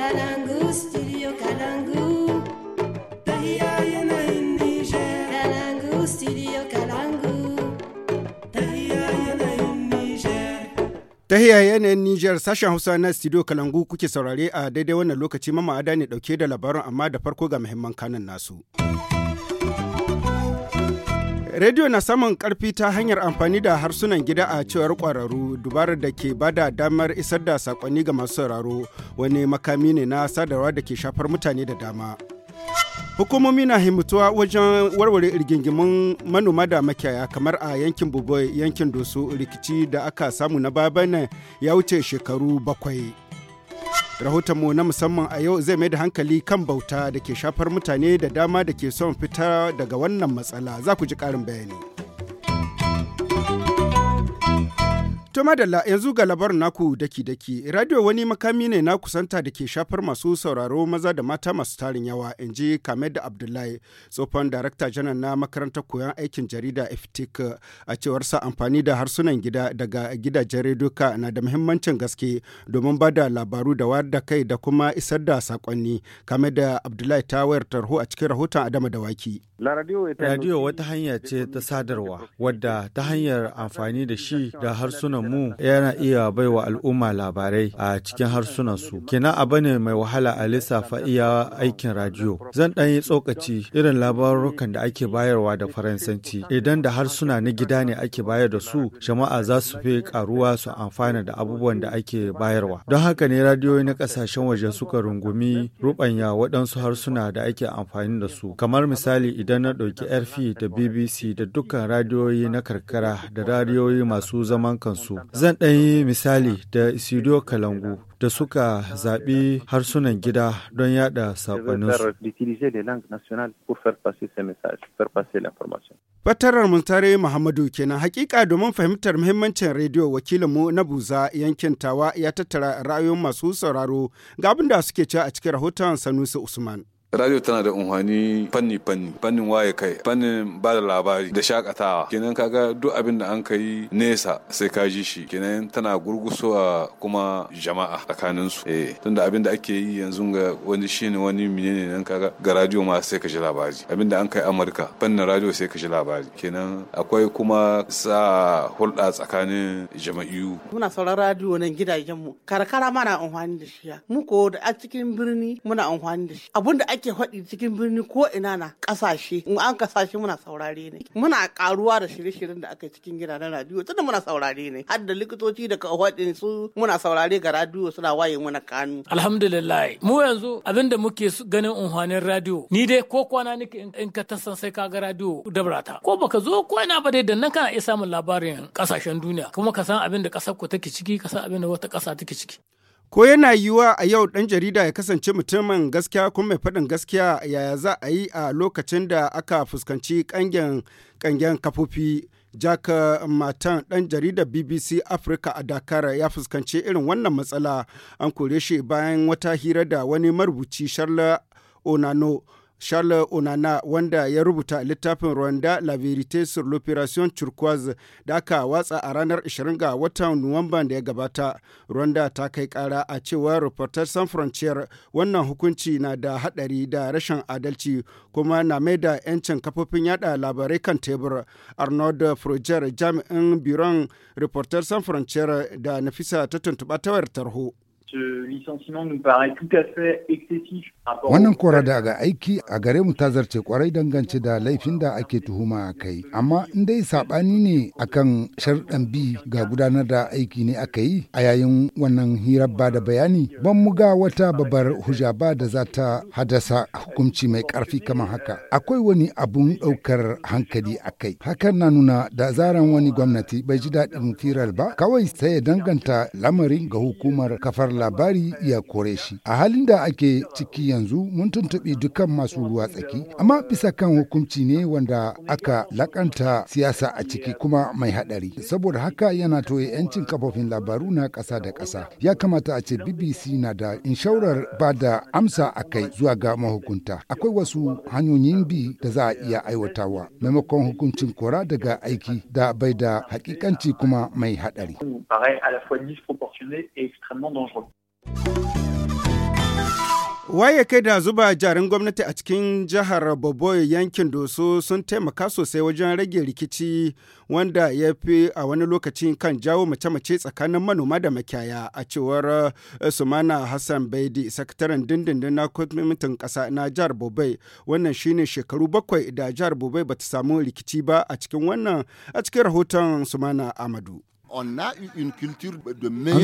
Ta hiyar yanayin nijar sashen Hausa na studio Kalangu kuke saurare a daidai wannan lokaci mama ada ne dauke da labarin amma da farko ga muhimman kanan nasu. radio na samun karfi ta hanyar amfani da harsunan gida a cewar kwararru dubarar da ke bada damar isar da sakonni ga masu sauraro wani makami ne na sadarwa da ke shafar mutane da dama. Hukumomi na himmatuwa wajen warware rigingimin manoma da makiyaya kamar a yankin buboy yankin Doso rikici da aka samu na babana ya wuce shekaru bakwai. Rahotonmu na musamman a yau zai mai da hankali kan bauta da ke shafar mutane da dama da ke son fita daga wannan matsala za ku ji ƙarin bayani. To madalla yanzu ga labarin naku daki-daki, radio wani makami ne na kusanta da ke shafar masu sauraro maza da mata masu tarin yawa, in ji Kamed Abdullahi, tsofan darakta janar na makarantar koyon aikin jarida iftik a cewar sa amfani da harsunan gida daga gidajen redoka na da muhimmancin gaske domin ba da labaru da wayar da kai da kuma isar da sakonni. Kamed Abdullahi ta wayar tarho a cikin rahoton Adama da waki Radio wata hanya ce ta sadarwa wadda ta hanyar amfani da shi da harsunan mu yana iya baiwa al'umma labarai a cikin harsunansu. Kina abu ne mai wahala a lissafa iya aikin radiyo. Zan ɗan yi tsokaci irin labarukan da ake bayarwa da Faransanci. Idan da harsuna na gida ne ake bayar da su, jama'a za su fi karuwa su amfana da abubuwan da ake bayarwa. Don haka ne radiyoyi na ƙasashen waje suka rungumi rubanya waɗansu harsuna da ake amfani da su. Kamar misali idan na ɗauki RFI da BBC da dukkan radiyoyi na karkara da radiyoyi masu zaman kansu su. Zan ɗan yi misali da Isidio Kalangu da suka zaɓi harsunan gida don yada saƙoninsu. Fatarar Muntare Muhammadu kenan hakika domin fahimtar muhimmancin rediyo wakilinmu na Buza yankin Tawa ya tattara ra'ayoyin masu sauraro ga abin da suke ci a cikin rahoton Sanusi Usman. radio tana da unhwani fanni fanni fannin waye kai fannin ba da labari da shakatawa kenan kaga duk abin da an kai nesa sai ka ji shi kenan tana gurgusowa kuma jama'a tsakanin su eh tunda abin da ake yi yanzu ga wani shine wani menene nan kaga ga radio ma sai ka ji labari abin da an kai amurka fannin radio sai ka ji labari kenan akwai kuma sa hulɗa tsakanin jama'iyu muna sauran radio nan gidajen mu karkara mana amfani da shi mu ko da a cikin birni muna amfani da shi da ake faɗi cikin birni ko ina na ƙasashe in an ƙasashe muna saurare ne muna ƙaruwa da shirye-shiryen da aka cikin na radiyo tunda muna saurare ne har da likitoci da faɗin su muna saurare ga radiyo suna waye muna kanu alhamdulillah mu yanzu abin da muke ganin unhwanin radiyo ni dai ko kwana nake in ka tasan sai ka ga radiyo dabrata ko baka zo ko ina ba dai da nan kana iya samun labarin kasashen duniya kuma ka san abin da kasar ku take ciki ka san abin da wata kasa take ciki Ko yana yiwuwa a yau ɗan jarida ya kasance mutumin gaskiya kuma mai faɗin gaskiya yaya za a yi a lokacin da aka fuskanci ƙangen kafofi. Jack Matan ɗan jaridar BBC Africa a Dakar ya fuskanci irin wannan matsala an kore shi bayan wata hira da wani marubuci sharla Onano Charles Onana wanda ya rubuta littafin Rwanda La Vérité sur l'Opération Turquoise da aka watsa a ranar 20 ga watan Nuwamban da ya gabata. Rwanda ta kai kara a cewa Reporters Sans Frontières wannan hukunci na da hadari da rashin adalci kuma na mai da 'yancin kafofin yada labarai kan tebur. Arnold Froger jami'in biron Reporters Sans Frontières da Nafisa ta tuntuɓa ta wayar tarho. Wannan kora daga aiki a gare mu ta zarce kwarai dangance da laifin da ake tuhuma a kai. Amma in dai sabani ne akan sharɗan bi ga gudanar da aiki ne aka yi a yayin wannan hirar ba da bayani ban mu wata babar hujja ba da za ta hadasa hukunci mai karfi kamar haka. Akwai wani abun ɗaukar hankali a kai. Hakan na nuna da zaran wani gwamnati bai ji daɗin firar ba kawai sai ya danganta lamarin ga hukumar kafar labari ya kore shi. A halin da ake ciki yanzu mun tuntuɓi dukkan masu ruwa tsaki, amma bisa kan hukunci ne wanda aka lakanta siyasa a ciki kuma mai haɗari. Saboda haka yana toye 'yancin kafofin labaru na ƙasa da ƙasa. Ya kamata a ce BBC na da inshaurar ba da amsa a kai zuwa ga mahukunta. Akwai wasu hanyoyin bi da za a iya aiwatawa maimakon hukuncin kora daga aiki da bai da hakikanci kuma mai haɗari. Waye kai da zuba jarin gwamnati a cikin jihar boboi yankin Doso sun taimaka sosai wajen rage rikici wanda ya fi a wani lokaci kan jawo mace-mace tsakanin manoma da makiyaya a cewar eh, Sumana Hassan Baidi, sakataren dindindin na kwamitin ƙasa na jihar Bobai. Wannan shine shekaru bakwai da jihar Bobai bata samu rikici ba a cikin wannan a cikin rahoton Sumana Amadu. Une An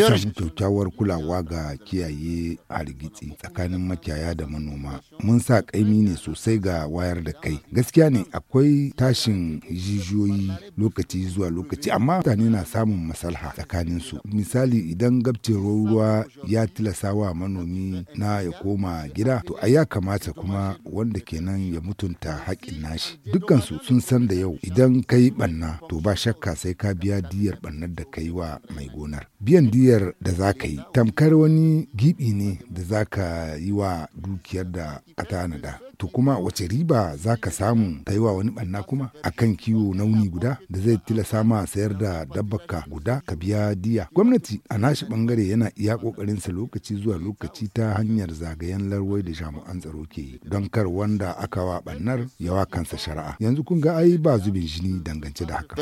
samu kyaukyawar kulawa ga kiyaye hargitsi tsakanin makiyaya da manoma. Mun sa kaimi ne sosai ga wayar da kai. Gaskiya ne akwai tashin jijiyoyi lokaci zuwa lokaci amma mutane na samun masalha tsakanin su. Misali idan gabcin ruwa ya tilasa wa manomi na ya koma gida to a ya kamata kuma wanda kenan ya mutunta haƙin nashi. Dukkansu sun san da yau idan ka yi ɓanna to ba shakka sai ka biya diyar ɓannar da ka yi wa mai gonar biyan diyar da za ka yi tamkar wani gibi ne da za ka yi wa dukiyar da ka tanada to kuma wace riba za ka samu ka yi wa wani ɓanna kuma A kan kiwo nauni guda da zai tilasa ma sayar da dabbaka guda ka biya diya gwamnati a nashi bangare yana iya ƙoƙarinsa lokaci zuwa lokaci ta hanyar zagayen larwai da jami'an tsaro ke yi don kar wanda aka wa ɓannar yawa kansa shari'a yanzu kun ga ai ba zubin jini dangance da haka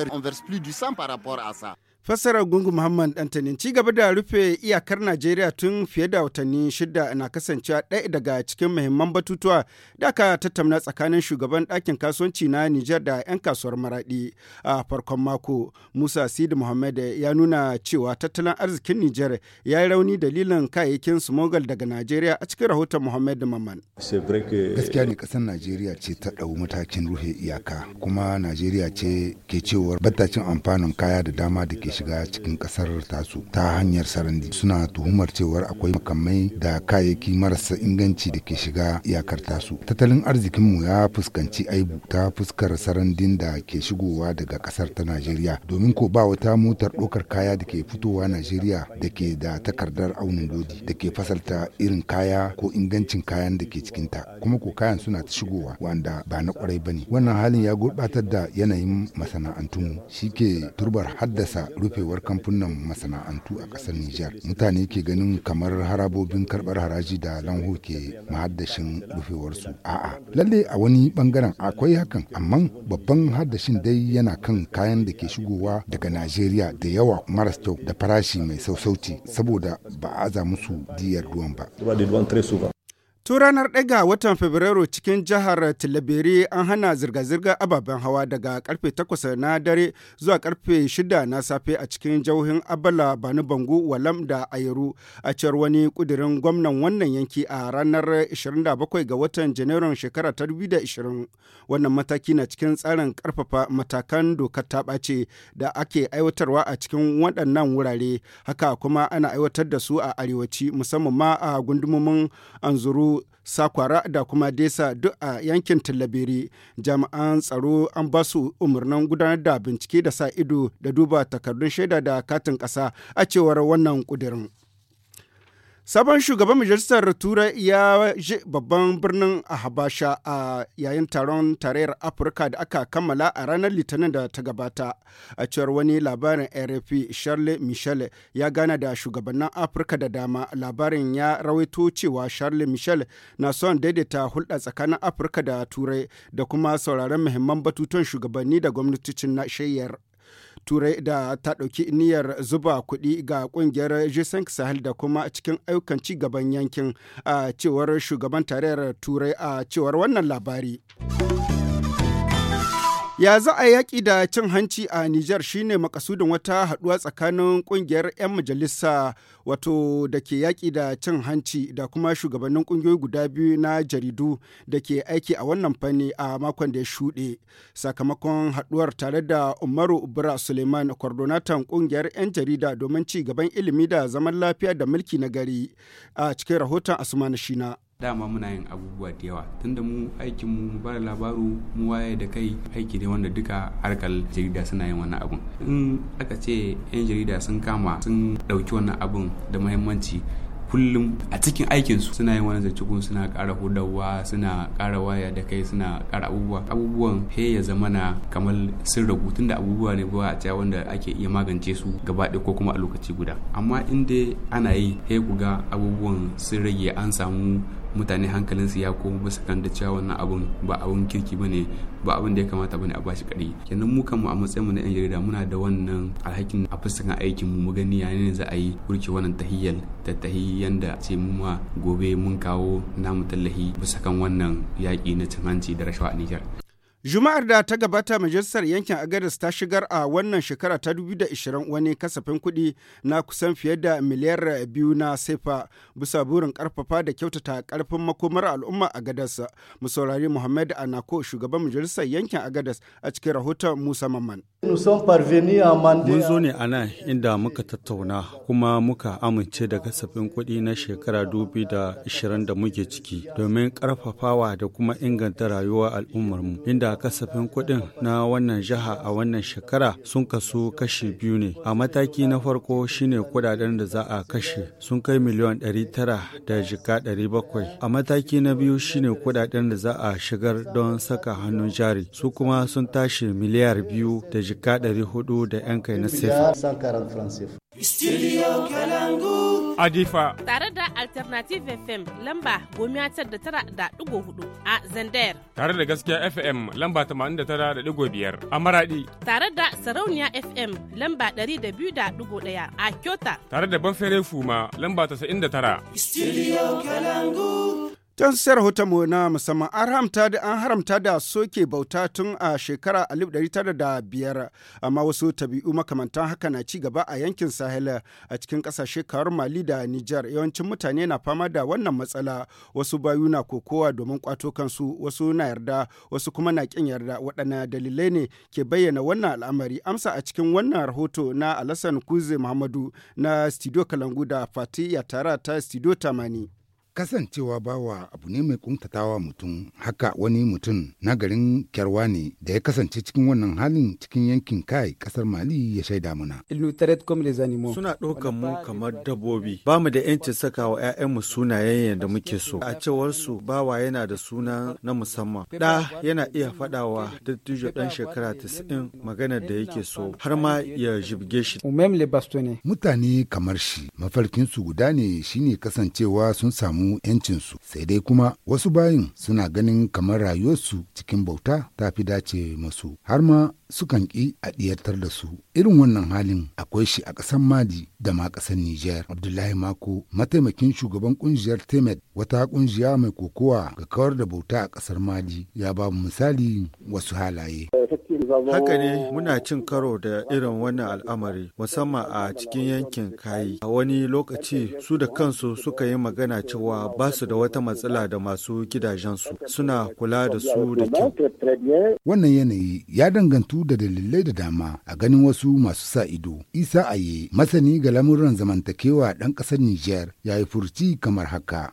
fassarar gungu muhammad dantanin ci gaba da rufe iyakar najeriya tun fiye da watanni shida na kasancewa ɗaya daga cikin muhimman batutuwa Daka tattauna tsakanin shugaban ɗakin kasuwanci na Nijar da 'yan kasuwar Maraɗi a farkon mako. Musa Sidi Muhammad ya nuna cewa tattalin arzikin Nijar ya yi rauni dalilin kayayyakin smuggle daga Najeriya a cikin rahoton Muhammad Maman. Gaskiya ne ƙasar Najeriya ce ta ɗau matakin rufe iyaka kuma Najeriya ce ke cewar battacin amfanin kaya da dama da ke shiga cikin ƙasar tasu ta hanyar sarandi suna tuhumar cewar akwai makamai da kayayyaki marasa inganci da ke shiga iyakar tasu. tattalin arzikinmu ya fuskanci aibu ta fuskar sarandin da ke shigowa daga kasar ta najeriya domin ko ba wata motar ɗaukar kaya da ke fitowa najeriya da ke da takardar aunin lodi da ke fasalta irin kaya ko ingancin kayan da ke cikinta kuma ko kayan suna ta shigowa wanda ba na kwarai ba ne wannan halin ya gurɓatar da yanayin masana'antu shi ke turbar haddasa rufewar kamfunan masana'antu a ƙasar nijar mutane ke ganin kamar harabobin karɓar haraji da lanho ke mahaddashin rufewarsu a'a lalle a wani bangaren akwai hakan amma babban hadashin dai yana kan kayan da ke shigowa daga najeriya da yawa maras kyau da farashi mai sausauci saboda ba a aza musu diyar ruwan ba Tun ranar ɗaga watan Fabrairu cikin jihar Tilaberi an hana zirga-zirgar ababen hawa daga karfe 8 na dare zuwa karfe 6 na safe a cikin jauhin Abala Bani Bangu Walam da Ayeru a cewar wani kudirin gwamnan wannan yanki a ranar 27 ga watan Janairun shekara ta 2020. Wannan mataki na cikin tsarin karfafa matakan dokar ta ɓace da ake aiwatarwa a cikin waɗannan wurare. Haka kuma ana aiwatar da su a arewaci musamman ma a gundumomin Anzuru sakwara da kuma desa duk a yankin tallabiri jami'an tsaro an ba su umarnin gudanar da bincike da sa ido da duba takardun shaida da katin ƙasa a cewar wannan ƙudirin. Sabon shugaban majalisar Turai ya je babban birnin a Habasha a yayin taron tarayyar Afirka da aka kammala a ranar Litinin da ta gabata. A cewar wani labarin RFP, Charles Michel ya gana da shugabannin Afirka da dama. Labarin ya rawaito cewa Charles Michel na son daidaita hulɗa tsakanin Afirka da Turai da kuma sauraron muhimman batutuwan shugabanni da gwamnatocin na shayar. turai da ta ɗauki niyyar zuba kuɗi ga ƙungiyar g5 sahel da kuma cikin ayyukan gaban yankin a cewar shugaban tarayyar turai a cewar wannan labari. Ya za a yaƙi da cin hanci a Nijar shine makasudin wata haɗuwa tsakanin ƙungiyar 'yan majalisa wato da ke yaƙi da cin hanci da kuma shugabannin ƙungiyoyi guda biyu na jaridu da ke aiki a wannan fanni a makon da ya shuɗe. Sakamakon haɗuwar tare da Umaru Ubra Suleiman kwardonatan ƙungiyar 'yan jarida domin ci gaban ilimi da zaman lafiya da mulki na gari a cikin rahoton Asuma Shina. dama muna yin abubuwa da yawa tunda mu aikin mu bada labaru mu waye da kai aiki ne wanda duka harkar jarida suna yin wannan abun in aka ce yan jarida sun kama sun ɗauki wannan abun da muhimmanci kullum a cikin aikinsu suna yin wani zancikun suna ƙara hudawa suna ƙara waya da kai suna ƙara abubuwa abubuwan he ya zamana kamar sun ragu tunda abubuwa ne ba a cewa wanda ake iya magance su gaba ɗaya ko kuma a lokaci guda amma inda ana yi he ku ga abubuwan sun rage an samu mutane su ya koma ba kan da cewa wannan abun ba abun kirki bane ba abun da ya kamata bane a bashi kadi kenan mu kanmu a matsayin mu na yan jarida muna da wannan alhakin a fuskan aikin mu mu gani ne za a yi burki wannan tahiyyal da tahiyyan da ce mu ma gobe mun kawo namu tallahi bisa kan wannan yaƙi na cin hanci da rashawa a Nijar Juma'ar da ta gabata majalisar yankin Agadas ta shigar a wannan shekara ta 2020 wani kasafin kuɗi na kusan fiye da miliyar biyu na sefa bisa burin karfafa da kyautata karfin makomar al'umma Agadas. Mu saurari Muhammad Anako shugaban majalisar yankin Agadas a cikin rahoton Musa Mamman. Mun zo ne a nan inda muka tattauna kuma muka amince da kasafin kuɗi na shekara 2020 da muke ciki domin ƙarfafawa da kuma inganta rayuwar al'ummarmu inda kasafin kuɗin na wannan jiha a wannan shekara sun kasu kashi biyu ne. A mataki na farko shine kuɗaɗen da za a kashe sun kai miliyan 900 da jika 700. A mataki na biyu shine kuɗaɗen da za a shigar don saka hannun jari su kuma sun tashi miliyar biyu da jika 400 da 'yan kai na sefa. Studio Kalangu. Adifa. Tare da Alternative FM lamba gomiya tar da tara da ɗigo hudu a Zandayar. Tare da gaskiya FM lamba tamanin da tara da ɗigo biyar a Maradi. Tare da Sarauniya FM lamba ɗari da biyu da ɗigo ɗaya a Kyota. Tare da Banfere Fuma lamba tasa'in da tara. Studio Kalangu. Don sai mu na musamman an haramta da an haramta da soke bauta tun a shekara 1905 amma wasu tabi'u makamantan haka na ci gaba a yankin Sahel a cikin kasashe kawar Mali da Nijar yawancin mutane na fama da wannan matsala wasu bayu na kokowa domin kwato kansu wasu na yarda wasu kuma na kin yarda waɗanne dalilai ne ke bayyana wannan al'amari amsa a cikin wannan rahoto na Alasan Kuze Muhammadu na Studio Kalangu da Fati Yatara ta Studio Tamani. kasancewa bawa abu ne mai kuntatawa mutum haka wani mutum na garin kyarwa ne da ya kasance cikin wannan halin cikin yankin kai kasar mali ya shaida muna suna ɗaukan mu kamar dabbobi ba mu da yancin saka wa 'ya'yanmu sunayen yadda muke so a cewar su bawa yana da suna na musamman ɗa yana iya faɗawa dattijo ɗan shekara 90 magana da yake so har ma ya jibge shi mutane kamar shi mafarkinsu guda ne shine kasancewa sun samu samu 'yancinsu sai dai kuma wasu bayin suna ganin kamar rayuwarsu cikin bauta ta fi dace masu har ma sukan ƙi a ɗiyartar da su irin wannan halin akwai shi a ƙasar mali da ma ƙasar niger abdullahi mako mataimakin shugaban ƙungiyar temet wata ƙungiya mai kokowa ga kawar da bauta a ƙasar mali ya ba misali wasu halaye Haka ne muna cin karo da irin wannan al'amari musamman a cikin yankin kayi. A wani lokaci su da kansu suka yi magana cewa ba su da wata matsala da masu gidajensu suna kula da su da kyau. Wannan yanayi ya dangantu da dalilai da dama a ganin wasu masu sa ido. Isa Aye masani ga lamuran zamantakewa ɗan ƙasar Nijar ya yi furci kamar haka.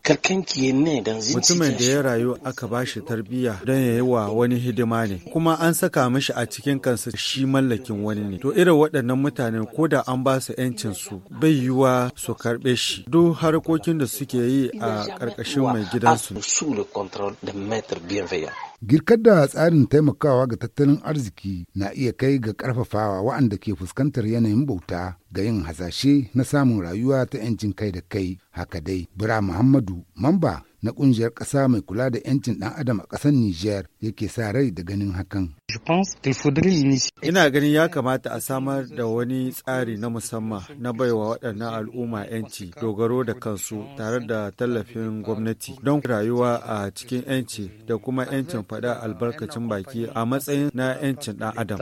Mutumin da ya rayu aka bashi tarbiyya don ya yi wa wani hidima ne kuma an saka mishi a cikin kansa shi mallakin wani ne to irin waɗannan mutane ko da an ba su yancin su bai yiwa su karɓe shi duk harkokin da suke yi a ƙarƙashin mai gidansu Girkar da tsarin taimakawa ga tattalin arziki na iya kai ga ƙarfafawa waɗanda ke fuskantar yanayin bauta ga yin hasashe na samun rayuwa ta 'yancin kai da kai haka dai. Bura Muhammadu, mamba na kungiyar ƙasa mai kula da 'yancin ɗan adam a ƙasar Nijar yake sa rai da ganin hakan. Ina ganin ya kamata a samar da wani tsari na musamman na baiwa waɗannan al'umma 'yanci dogaro da kansu tare da tallafin gwamnati don rayuwa a cikin 'yanci da kuma 'yancin faɗa albarkacin baki a matsayin na 'yancin ɗan adam.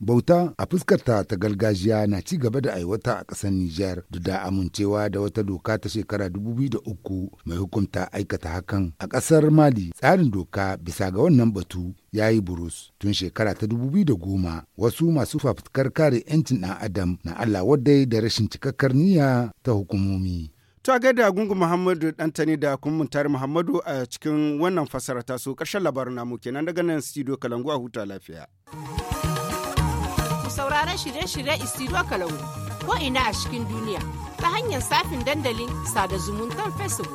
Bauta a fuskarta ta gargajiya na ci gaba da aiwata a ƙasar Nijar duk da amincewa da wata doka ta shekara 2003 mai hukunta ta aikata hakan a ƙasar mali tsarin doka bisa ga wannan batu ya yi burus tun shekara ta da goma wasu masu fafutukar kare 'yancin ɗan adam na allah wadai da rashin cikakkar niyya ta hukumomi ta gaida gungun muhammadu dantani da kuma muhammadu a cikin wannan fasara taso ƙarshen labarin namu kenan daga nan studio kalangu a huta lafiya sauraron shirye-shirye studio kalangu ko ina a cikin duniya ta hanyar safin dandalin sada zumuntar facebook